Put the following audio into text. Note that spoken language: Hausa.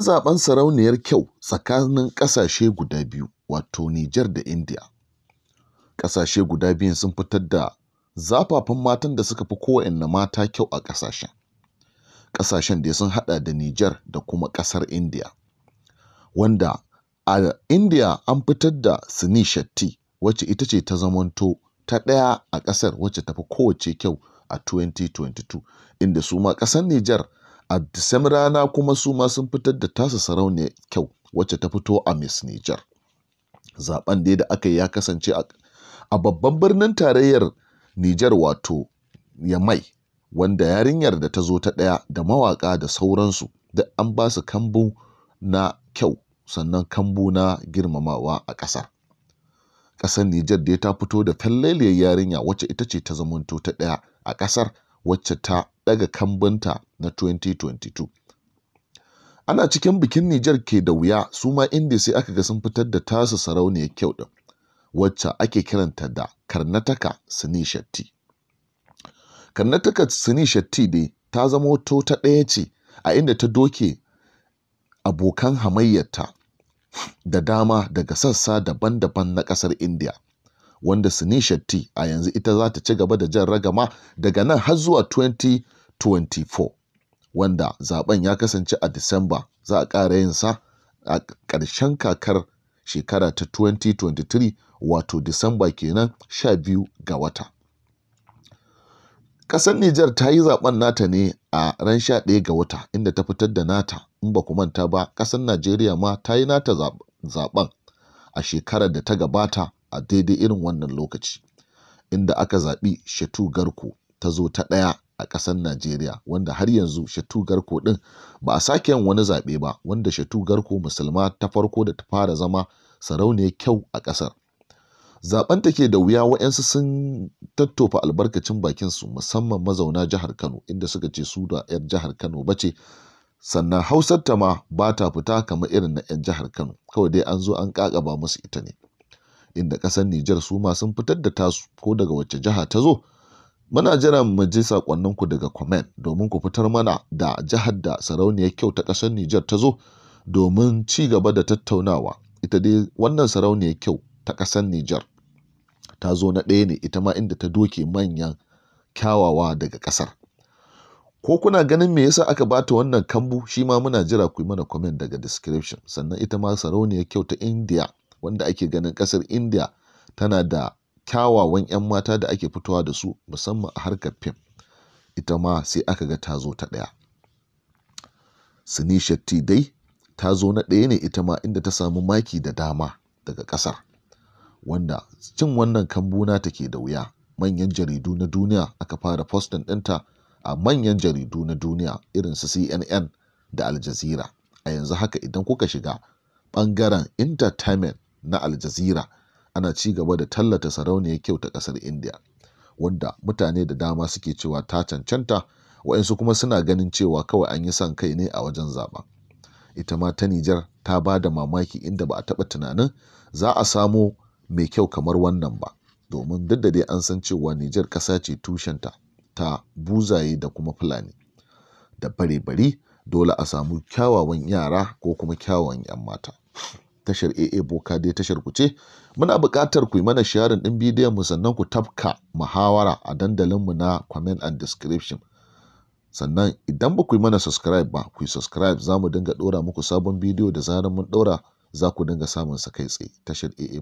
zaben sarauniyar kyau tsakanin ƙasashe guda biyu, wato Nijar da Indiya. Ƙasashe guda biyun sun fitar da zafafan matan da suka fi kowanne mata kyau a ƙasashen. Ƙasashen dai sun haɗa da Nijar da kuma ƙasar Indiya, wanda a Indiya an fitar da Sini Shetty wacce ita ce ta zamanto ta ɗaya a ƙasar wacce tafi kowace kyau a 2022, inda su ma ƙasar Nijar A Disam rana kuma su ma sun fitar da tasa sarauniya kyau wacce ta fito a Miss Niger. Zaben dai da aka yi ya kasance a babban birnin tarayyar Niger wato Yamai wanda yarinyar da ta zo ta ɗaya da mawaka da sauransu da an ba su kambu na kyau sannan kambu na girmamawa a ƙasar. Ƙasar Nijar dai ta fito da fallaliyar yarinya wacce ita ce ta zamanto ta ɗaya a ƙasar wacce ta ɗaga kambunta na 2022. Ana cikin bikin Nijar ke da wuya su ma inda sai aka ga sun fitar da tasu sarauniya kyau ɗin, wacce ake kiranta da Karnataka Sini Shatti. Karnataka Sini Shatti dai ta zama wato ta ɗaya ce a inda ta doke abokan hamayyarta da dama daga sassa daban-daban na ƙasar India. wanda su Shetty a yanzu ita za ta ci gaba da jan ragama daga nan har zuwa 2024 wanda zaben ya kasance a Disamba za a ƙara yin sa a ƙarshen kakar shekara ta 2023 wato Disamba kenan 12 ga wata. Ƙasar Nijar ta yi zaben nata ne a ran 11 ga wata inda ta fitar da nata in ba ku manta ba ƙasar Najeriya ma ta yi nata zaben a shekarar da ta gabata a daidai irin wannan lokaci inda aka zaɓi Shatu Garko ta zo ta ɗaya a ƙasar Najeriya wanda har yanzu Shatu Garko ɗin ba a sake yin wani zaɓe ba wanda Shatu Garko musulma ta farko da ta fara zama sarauniyar kyau a ƙasar. Zaben take da wuya wa'yansu sun tattofa albarkacin bakinsu musamman mazauna jihar Kano inda suka ce su da 'yar jihar Kano bace sannan hausar ta ma ba ta fita kamar irin na 'yan jihar Kano kawai dai an zo an ƙaƙaba musu ita ne. inda ƙasar Nijar su ma sun fitar da tasu ko daga wacce jiha ta zo. Muna jiran mu ji saƙonninku daga comment domin ku fitar mana da jihar da sarauniyar kyau ta ƙasar Nijar ta zo domin ci gaba da tattaunawa. Ita dai wannan sarauniyar kyau ta ƙasar Nijar ta zo na ɗaya ne ita ma inda ta doke manyan kyawawa daga ƙasar. ko kuna ganin me yasa aka bata wannan kambu shi ma muna jira ku yi mana comment daga description sannan ita ma sarauniyar kyau ta india wanda ake ganin kasar india tana da kyawawan 'yan mata da ake fitowa da su musamman a harkar fim ita ma sai aka ga ta zo ta ɗaya sini shetty dai ta zo na ɗaya ne ita ma inda ta samu maki da dama daga ƙasar wanda cin wannan kambuna take da wuya manyan jaridu na duniya aka fara postin ɗinta a manyan jaridu na duniya irin su cnn da al a yanzu haka idan kuka shiga ɓangaren entertainment na Al ana ci gaba da tallata sarauniyar kyau ta ƙasar India wanda mutane da dama suke cewa ta cancanta waɗansu kuma suna ganin cewa kawai an yi son kai ne a wajen zaɓa. Ita ma ta Nijar ta ba da mamaki inda ba a taɓa tunanin za a samo mai kyau kamar wannan ba domin duk da dai an san cewa Nijar ƙasa ce tushenta ta buzaye da kuma Fulani. Da bare-bare dole a samu kyawawan yara ko kuma kyawawan 'yan mata. tashar AA Boka dai tashar ku ce. Muna buƙatar ku yi mana sharin ɗin bidiyon mu sannan ku tafka muhawara a dandalin mu na comment and description. Sannan idan ba ku yi mana subscribe ba, ku yi subscribe za mu dinga ɗora muku sabon bidiyo da zarar mun ɗora za ku dinga samun sa kai tsaye tashar AA.